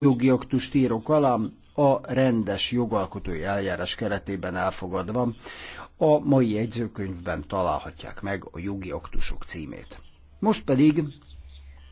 jogi aktust írok alá, a rendes jogalkotói eljárás keretében elfogadva. A mai jegyzőkönyvben találhatják meg a jogi aktusok címét. Most pedig